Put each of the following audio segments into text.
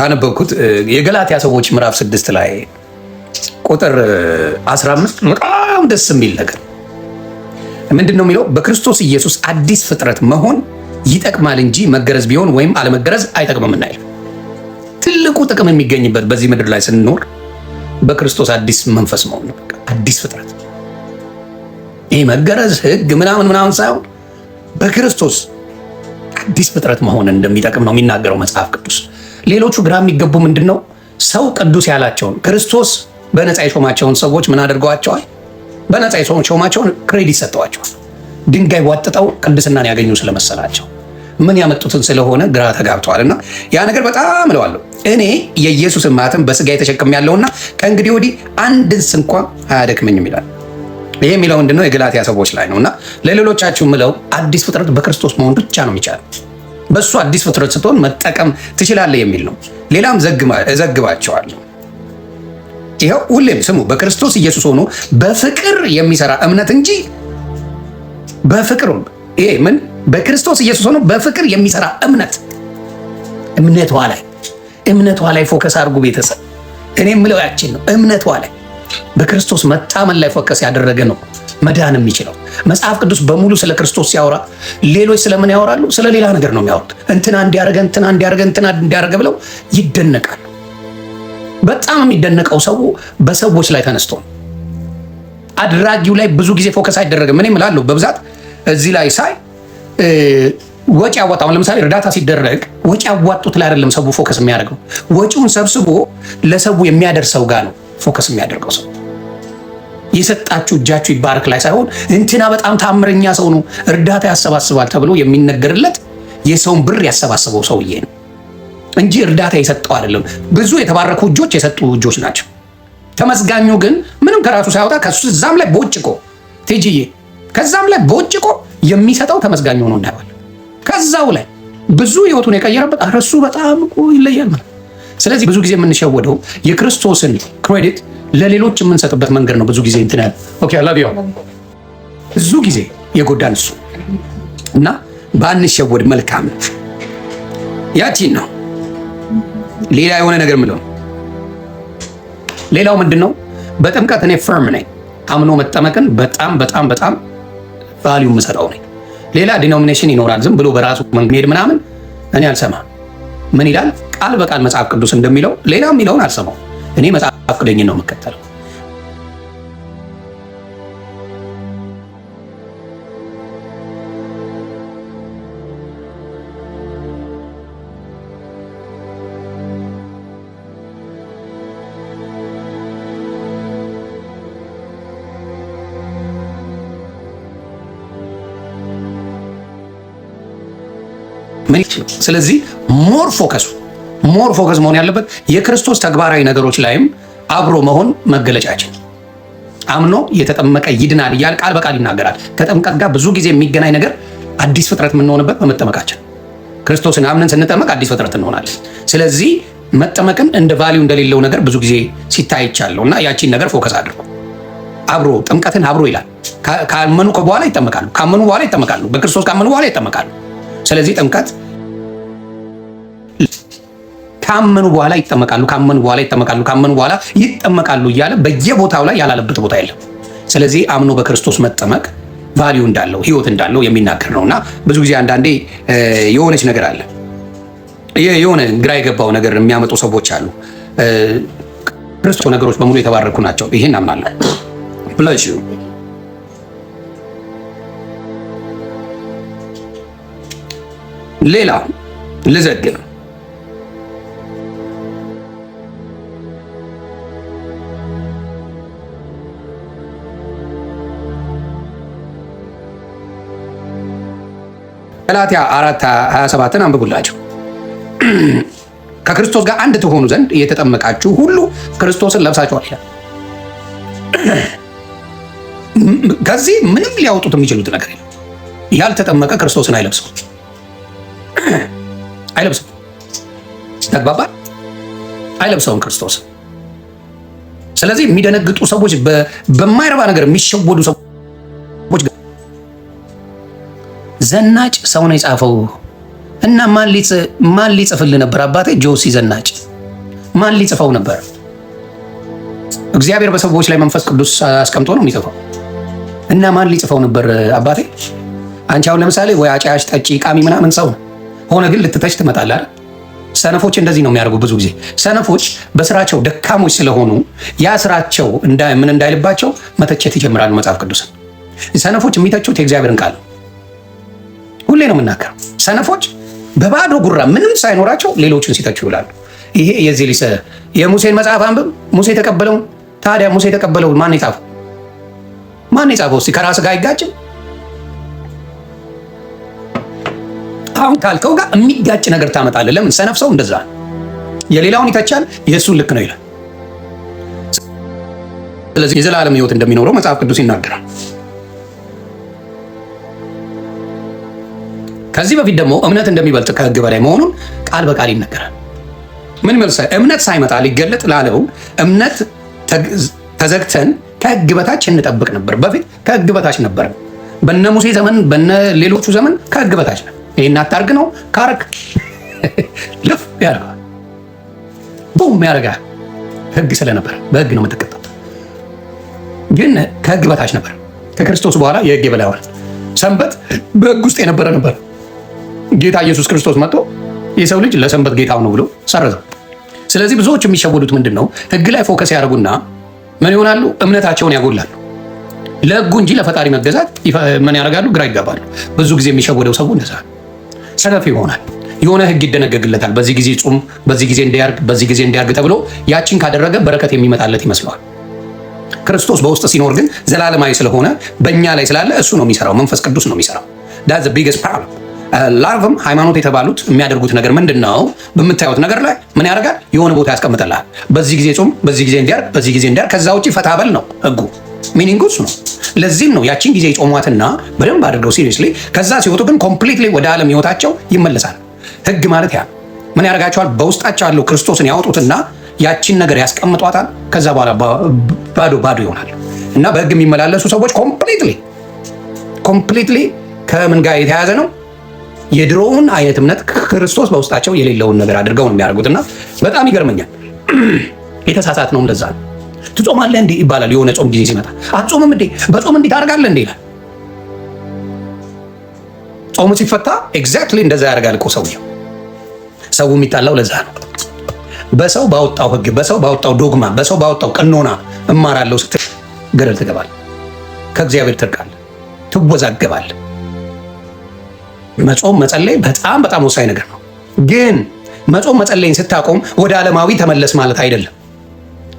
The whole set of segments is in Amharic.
ካነበብኩት የገላትያ ሰዎች ምዕራፍ ስድስት ላይ ቁጥር 15 በጣም ደስ የሚል ነገር ምንድን ነው የሚለው? በክርስቶስ ኢየሱስ አዲስ ፍጥረት መሆን ይጠቅማል እንጂ መገረዝ ቢሆን ወይም አለመገረዝ አይጠቅምም። እና ትልቁ ጥቅም የሚገኝበት በዚህ ምድር ላይ ስንኖር በክርስቶስ አዲስ መንፈስ መሆን አዲስ ፍጥረት ይህ መገረዝ ህግ ምናምን ምናምን ሳይሆን በክርስቶስ አዲስ ፍጥረት መሆን እንደሚጠቅም ነው የሚናገረው መጽሐፍ ቅዱስ። ሌሎቹ ግራ የሚገቡ ምንድን ነው? ሰው ቅዱስ ያላቸውን ክርስቶስ በነፃ የሾማቸውን ሰዎች ምን አድርገዋቸዋል? በነፃ የሾማቸውን ክሬዲት ሰጠዋቸዋል። ድንጋይ ዋጥጠው ቅድስናን ያገኙ ስለመሰላቸው ምን ያመጡትን ስለሆነ ግራ ተጋብተዋል። እና ያ ነገር በጣም እለዋለሁ እኔ የኢየሱስን ማኅተም በስጋ የተሸከም ያለውና ከእንግዲህ ወዲህ አንድስ ስንኳ አያደክመኝም ይላል። ይሄ የሚለው ምንድነው? የገላትያ ሰዎች ላይ ነው። እና ለሌሎቻችሁ ምለው አዲስ ፍጥረት በክርስቶስ መሆን ብቻ ነው የሚቻለው። በእሱ አዲስ ፍጥረት ስትሆን መጠቀም ትችላለህ የሚል ነው። ሌላም እዘግባቸዋለሁ። ይኸው ሁሌም ስሙ፣ በክርስቶስ ኢየሱስ ሆኖ በፍቅር የሚሰራ እምነት እንጂ በፍቅሩ ይሄ ምን በክርስቶስ ኢየሱስ ሆኖ በፍቅር የሚሰራ እምነት እምነቷ ላይ እምነቷ ላይ ፎከስ አድርጉ ቤተሰብ። እኔ የምለው ያችን ነው። እምነቷ ላይ በክርስቶስ መታመን ላይ ፎከስ ያደረገ ነው። መዳን የሚችለው። መጽሐፍ ቅዱስ በሙሉ ስለ ክርስቶስ ሲያወራ ሌሎች ስለምን ያወራሉ? ስለ ሌላ ነገር ነው የሚያወሩት። እንትና እንዲያደርገ እንትና እንዲያደርገ እንትና እንዲያደርገ ብለው ይደነቃሉ። በጣም የሚደነቀው ሰው በሰዎች ላይ ተነስቶ ነው። አድራጊው ላይ ብዙ ጊዜ ፎከስ አይደረግም። እኔ እላለሁ በብዛት እዚህ ላይ ሳይ ወጪ ያዋጣ ለምሳሌ እርዳታ ሲደረግ ወጪ ያዋጡት ላይ አይደለም ሰው ፎከስ የሚያደርገው፣ ወጪውን ሰብስቦ ለሰው የሚያደርሰው ጋር ነው ፎከስ የሚያደርገው ሰው የሰጣችሁ እጃችሁ ይባረክ ላይ ሳይሆን እንትና በጣም ታምረኛ ሰው ነው እርዳታ ያሰባስባል ተብሎ የሚነገርለት የሰውን ብር ያሰባስበው ሰውዬ ነው እንጂ እርዳታ የሰጠው አይደለም። ብዙ የተባረኩ እጆች የሰጡ እጆች ናቸው። ተመስጋኙ ግን ምንም ከራሱ ሳያወጣ ከሱ እዛም ላይ በውጭቆ ቴጂዬ ከዛም ላይ በውጭቆ የሚሰጠው ተመስጋኙ ነው እንዳይባል ከዛው ላይ ብዙ ህይወቱን የቀየረበት አረሱ በጣም ይለያል ማለት ስለዚህ ብዙ ጊዜ የምንሸወደው የክርስቶስን ክሬዲት ለሌሎች የምንሰጥበት መንገድ ነው። ብዙ ጊዜ እንትን ያለ ብዙ ጊዜ የጎዳን እሱ እና ባንሸወድ መልካም ያቺን ነው። ሌላ የሆነ ነገር ምለው ሌላው ምንድን ነው? በጥምቀት እኔ ፈርም ነኝ። አምኖ መጠመቅን በጣም በጣም በጣም ቫሊዩ የምሰጠው ነኝ። ሌላ ዲኖሚኔሽን ይኖራል። ዝም ብሎ በራሱ መንገድ ምናምን እኔ አልሰማ ምን ይላል ቃል በቃል መጽሐፍ ቅዱስ እንደሚለው ሌላ የሚለውን አልሰማው። እኔ መጽሐፍ ቅደኝን ነው የምከተለው። ስለዚህ ሞር ፎከሱ ሞር ፎከስ መሆን ያለበት የክርስቶስ ተግባራዊ ነገሮች ላይም አብሮ መሆን መገለጫችን። አምኖ የተጠመቀ ይድናል እያል ቃል በቃል ይናገራል። ከጥምቀት ጋር ብዙ ጊዜ የሚገናኝ ነገር አዲስ ፍጥረት የምንሆንበት በመጠመቃችን ክርስቶስን አምነን ስንጠመቅ አዲስ ፍጥረት እንሆናለን። ስለዚህ መጠመቅን እንደ ቫሊው እንደሌለው ነገር ብዙ ጊዜ ሲታይ ይቻለው እና ያቺን ነገር ፎከስ አድርጉ። አብሮ ጥምቀትን አብሮ ይላል። ካመኑ በኋላ ይጠመቃሉ፣ ካመኑ በኋላ ይጠመቃሉ፣ በክርስቶስ ካመኑ በኋላ ይጠመቃሉ። ስለዚህ ጥምቀት ካመኑ በኋላ ይጠመቃሉ፣ ካመኑ በኋላ ይጠመቃሉ፣ ካመኑ በኋላ ይጠመቃሉ እያለ በየቦታው ላይ ያላለበት ቦታ የለም። ስለዚህ አምኖ በክርስቶስ መጠመቅ ቫሊዩ እንዳለው ህይወት እንዳለው የሚናገር ነው እና ብዙ ጊዜ አንዳንዴ የሆነች ነገር አለ የሆነ ግራ የገባው ነገር የሚያመጡ ሰዎች አሉ። ክርስቶስ ነገሮች በሙሉ የተባረኩ ናቸው፣ ይሄን አምናለሁ ብለሽ ሌላ ልዘግብ ገላትያ 4፥27ን አንብቡላቸው። ከክርስቶስ ጋር አንድ ትሆኑ ዘንድ እየተጠመቃችሁ ሁሉ ክርስቶስን ለብሳችኋል ይላል። ከዚህ ምንም ሊያወጡት የሚችሉት ነገር የለም። ያልተጠመቀ ክርስቶስን አይለብሰው አይለብሰው ተግባባ አይለብሰውም ክርስቶስ። ስለዚህ የሚደነግጡ ሰዎች፣ በማይረባ ነገር የሚሸወዱ ሰዎች ዘናጭ ሰው ነው የጻፈው እና ማን ሊጽፍል ነበር? አባቴ ጆሲ ዘናጭ ማን ሊጽፈው ነበር? እግዚአብሔር በሰዎች ላይ መንፈስ ቅዱስ አስቀምጦ ነው የሚጽፈው። እና ማን ሊጽፈው ነበር አባቴ? አንቺ አሁን ለምሳሌ ወይ አጫሽ፣ ጠጪ፣ ቃሚ ምናምን ሰው ሆነ ግን ልትተች ትመጣለህ። ሰነፎች እንደዚህ ነው የሚያደርጉ። ብዙ ጊዜ ሰነፎች በስራቸው ደካሞች ስለሆኑ ያ ስራቸው ምን እንዳይልባቸው መተቸት ይጀምራሉ። መጽሐፍ ቅዱስን ሰነፎች የሚተቹት የእግዚአብሔርን ቃል ሁሌ ነው የምናገረው። ሰነፎች በባዶ ጉራ ምንም ሳይኖራቸው ሌሎችን ሲተቹ ይውላሉ። ይሄ የዚህ ሊሰ የሙሴን መጽሐፍ አንብብ። ሙሴ የተቀበለውን ታዲያ ሙሴ የተቀበለውን ማን የጻፈው? ማን የጻፈው? እስኪ ከራስ ጋር አይጋጭም? አሁን ካልከው ጋር የሚጋጭ ነገር ታመጣለህ። ለምን? ሰነፍ ሰው እንደዛ የሌላውን ይተቻል፣ የእሱን ልክ ነው ይላል። ስለዚህ የዘላለም ሕይወት እንደሚኖረው መጽሐፍ ቅዱስ ይናገራል። ከዚህ በፊት ደግሞ እምነት እንደሚበልጥ ከህግ በላይ መሆኑን ቃል በቃል ይነገራል። ምን መልሰ እምነት ሳይመጣ ሊገለጥ ላለው እምነት ተዘግተን ከህግ በታች እንጠብቅ ነበር። በፊት ከህግ በታች ነበር። በነ ሙሴ ዘመን፣ በነ ሌሎቹ ዘመን ከህግ በታች ነው። ይህን አታርግ ነው ካረግ ልፍ ያደርገዋል፣ ቡም ያደርጋል። ህግ ስለነበር በህግ ነው የምትቀጣው። ግን ከህግ በታች ነበር። ከክርስቶስ በኋላ የህግ የበላይ ሰንበት በህግ ውስጥ የነበረ ነበር። ጌታ ኢየሱስ ክርስቶስ መጥቶ የሰው ልጅ ለሰንበት ጌታው ነው ብሎ ሰረዘው። ስለዚህ ብዙዎች የሚሸወዱት ምንድን ነው? ህግ ላይ ፎከስ ያደርጉና ምን ይሆናሉ? እምነታቸውን ያጎላሉ። ለህጉ እንጂ ለፈጣሪ መገዛት ምን ያደርጋሉ? ግራ ይገባሉ። ብዙ ጊዜ የሚሸወደው ሰው እንደዛ ሰነፍ ይሆናል። የሆነ ህግ ይደነገግለታል። በዚህ ጊዜ ጹም፣ በዚህ ጊዜ እንዲያርግ፣ በዚህ ጊዜ እንዲያርግ ተብሎ ያችን ካደረገ በረከት የሚመጣለት ይመስለዋል። ክርስቶስ በውስጥ ሲኖር ግን ዘላለማዊ ስለሆነ በእኛ ላይ ስላለ እሱ ነው የሚሰራው። መንፈስ ቅዱስ ነው የሚሰራው። ዳዝ ቢገስ ፕሮብለም ላርቭም ሃይማኖት የተባሉት የሚያደርጉት ነገር ምንድን ነው? በምታዩት ነገር ላይ ምን ያደርጋል? የሆነ ቦታ ያስቀምጠላል። በዚህ ጊዜ ጾም፣ በዚህ ጊዜ እንዲያርግ፣ በዚህ ጊዜ እንዲያርግ። ከዛ ውጭ ፈታበል ነው ህጉ። ሚኒንግ እሱ ነው። ለዚህም ነው ያቺን ጊዜ ይጾሟትና በደንብ አድርገው ሲሪየስሊ። ከዛ ሲወጡ ግን ኮምፕሊትሊ ወደ ዓለም ህይወታቸው ይመለሳል። ህግ ማለት ያ ምን ያደርጋቸዋል? በውስጣቸው ያለው ክርስቶስን ያወጡትና ያቺን ነገር ያስቀምጧታል። ከዛ በኋላ ባዶ ባዶ ይሆናል እና በህግ የሚመላለሱ ሰዎች ኮምፕሊትሊ ኮምፕሊትሊ ከምን ጋር የተያያዘ ነው የድሮውን አይነት እምነት ክርስቶስ በውስጣቸው የሌለውን ነገር አድርገው ነው የሚያደርጉትና በጣም ይገርመኛል። የተሳሳት ነው ለዛ ነው። ትጾማለህ እንዴ ይባላል። የሆነ ጾም ጊዜ ሲመጣ አትጾምም እንዴ? በጾም እንዴት አደርጋለህ እንዴ ይላል። ጾሙ ሲፈታ ኤግዛክትሊ እንደዛ ያደርጋል እኮ ሰውየው። ሰው የሚጣላው ለዛ ነው። በሰው ባወጣው ህግ፣ በሰው ባወጣው ዶግማ፣ በሰው ባወጣው ቀኖና እማራለሁ ስትል ገደል ትገባል፣ ከእግዚአብሔር ትርቃል፣ ትወዛገባል። መጾም መጸለይ በጣም በጣም ወሳኝ ነገር ነው። ግን መጾም መጸለይን ስታቆም ወደ ዓለማዊ ተመለስ ማለት አይደለም።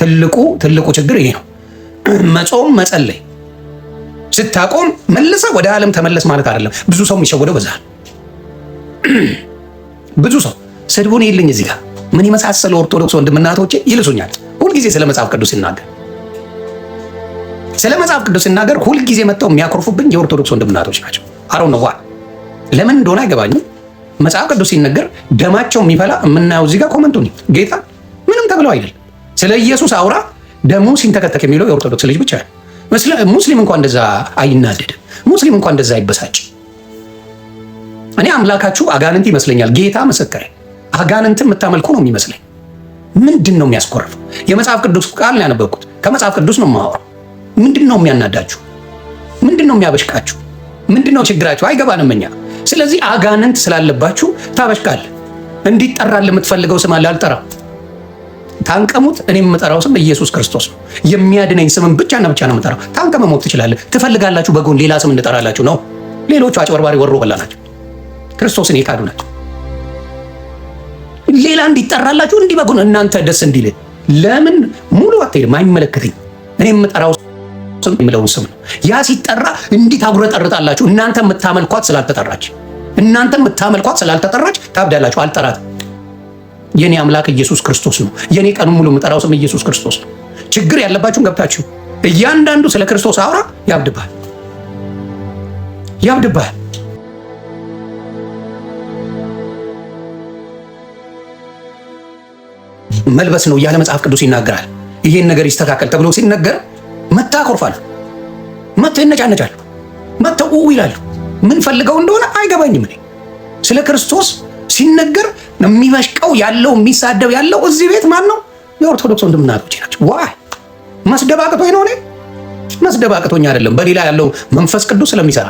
ትልቁ ትልቁ ችግር ይሄ ነው። መጾም መጸለይ ስታቆም መልሰ ወደ ዓለም ተመለስ ማለት አይደለም። ብዙ ሰው የሚሸወደው በዛ ብዙ ሰው ስድቡን ይልኝ እዚህ ጋር ምን የመሳሰሉ ኦርቶዶክስ ወንድምና እህቶቼ ይልሱኛል። ሁልጊዜ ስለ መጽሐፍ ቅዱስ ሲናገር ስለ መጽሐፍ ቅዱስ ሲናገር ሁልጊዜ መጥተው የሚያኮርፉብኝ የኦርቶዶክስ ወንድምና እህቶች ናቸው። አረው ነዋል ለምን እንደሆነ አይገባኝም። መጽሐፍ ቅዱስ ሲነገር ደማቸው የሚፈላ የምናየው እዚህ ጋር ኮመንቱ ጌታ ምንም ተብለው አይደለም። ስለ ኢየሱስ አውራ ደሙ ሲንተከተክ የሚለው የኦርቶዶክስ ልጅ ብቻ ሙስሊም እንኳን እንደዛ አይናደድም። ሙስሊም እንኳን እንደዛ አይበሳጭ። እኔ አምላካችሁ አጋንንት ይመስለኛል። ጌታ መሰከረ አጋንንትን የምታመልኩ ነው የሚመስለኝ። ምንድን ነው የሚያስኮርፈው? የመጽሐፍ ቅዱስ ቃል ነው ያነበብኩት። ከመጽሐፍ ቅዱስ ነው የማወራው። ምንድን ነው የሚያናዳችሁ? ምንድን ነው የሚያበሽቃችሁ? ምንድን ነው ችግራችሁ? አይገባንም እኛ ስለዚህ አጋንንት ስላለባችሁ ታበሽቃል። እንዲጠራል የምትፈልገው ስም አለ። አልጠራ ታንቀሙት። እኔ የምጠራው ስም ኢየሱስ ክርስቶስ ነው። የሚያድነኝ ስምን ብቻና ብቻ ነው የምጠራው። ታንቀመ ሞት ትችላለህ። ትፈልጋላችሁ በጎን ሌላ ስም እንጠራላችሁ ነው። ሌሎቹ አጭበርባሪ ወሮ በላ ናቸው። ክርስቶስን የካዱ ናቸው። ሌላ እንዲጠራላችሁ እንዲህ በጎን እናንተ ደስ እንዲል ለምን ሙሉ አትሄድም? አይመለከተኝ እኔ የምጠራው ስም የሚለውን ስም ነው። ያ ሲጠራ እንዲህ ታጉረጠርጣላችሁ። እናንተ የምታመልኳት ስላልተጠራች እናንተ የምታመልኳት ስላልተጠራች ታብዳላችሁ። አልጠራት የኔ አምላክ ኢየሱስ ክርስቶስ ነው። የኔ ቀኑ ሙሉ የምጠራው ስም ኢየሱስ ክርስቶስ ነው። ችግር ያለባችሁን ገብታችሁ እያንዳንዱ ስለ ክርስቶስ አውራ፣ ያብድባል ያብድባል። መልበስ ነው እያለ መጽሐፍ ቅዱስ ይናገራል። ይሄን ነገር ይስተካከል ተብሎ ሲነገር መታ አኮርፋለሁ፣ መተው ይነጫነጫሉ፣ መተው ኡ ይላሉ። ምን ፈልገው እንደሆነ አይገባኝም። እኔ ስለ ክርስቶስ ሲነገር የሚበሽቀው ያለው የሚሳደብ ያለው እዚህ ቤት ማን ነው? የኦርቶዶክስ ወንድምና ናቸው። ዋ መስደብ አቅቶኝ ነው እኔ መስደብ አቅቶኝ አይደለም፣ በሌላ ያለው መንፈስ ቅዱስ ስለሚሰራ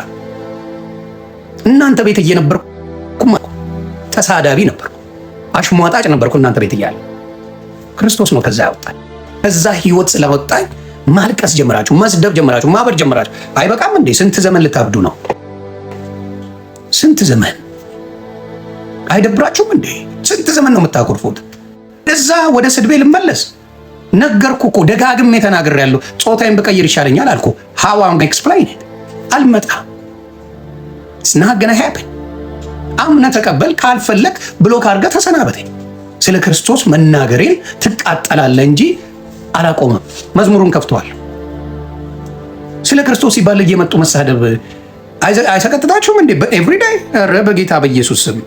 እናንተ ቤት እየነበርኩም ተሳዳቢ ነበርኩ፣ አሽሟጣጭ ነበርኩ እናንተ ቤት እያለ ክርስቶስ ነው ከዛ ያወጣኝ ከዛ ህይወት ስለወጣኝ ማልቀስ ጀምራችሁ፣ መስደብ ጀምራችሁ፣ ማበር ጀምራችሁ አይበቃም እንዴ? ስንት ዘመን ልታብዱ ነው? ስንት ዘመን አይደብራችሁም እንዴ? ስንት ዘመን ነው የምታኮርፉት? እዛ ወደ ስድቤ ልመለስ ነገርኩ እኮ ደጋግሜ ተናግሬያለሁ። ጾታዬን ብቀይር ይሻለኛል አልኩ። ሃው ኤክስፕላይን አልመጣ ስናገና ሃፕን አምነ ተቀበል። ካልፈለግ ብሎክ አድርገህ ተሰናበተኝ። ስለ ክርስቶስ መናገሬን ትቃጠላለህ እንጂ አላቆመም። መዝሙሩን ከፍተዋል። ስለ ክርስቶስ ሲባል እየመጡ መሳደብ አይሰቀጥታችሁም እንዴ? በኤቭሪዳይ ኧረ በጌታ በኢየሱስ ስም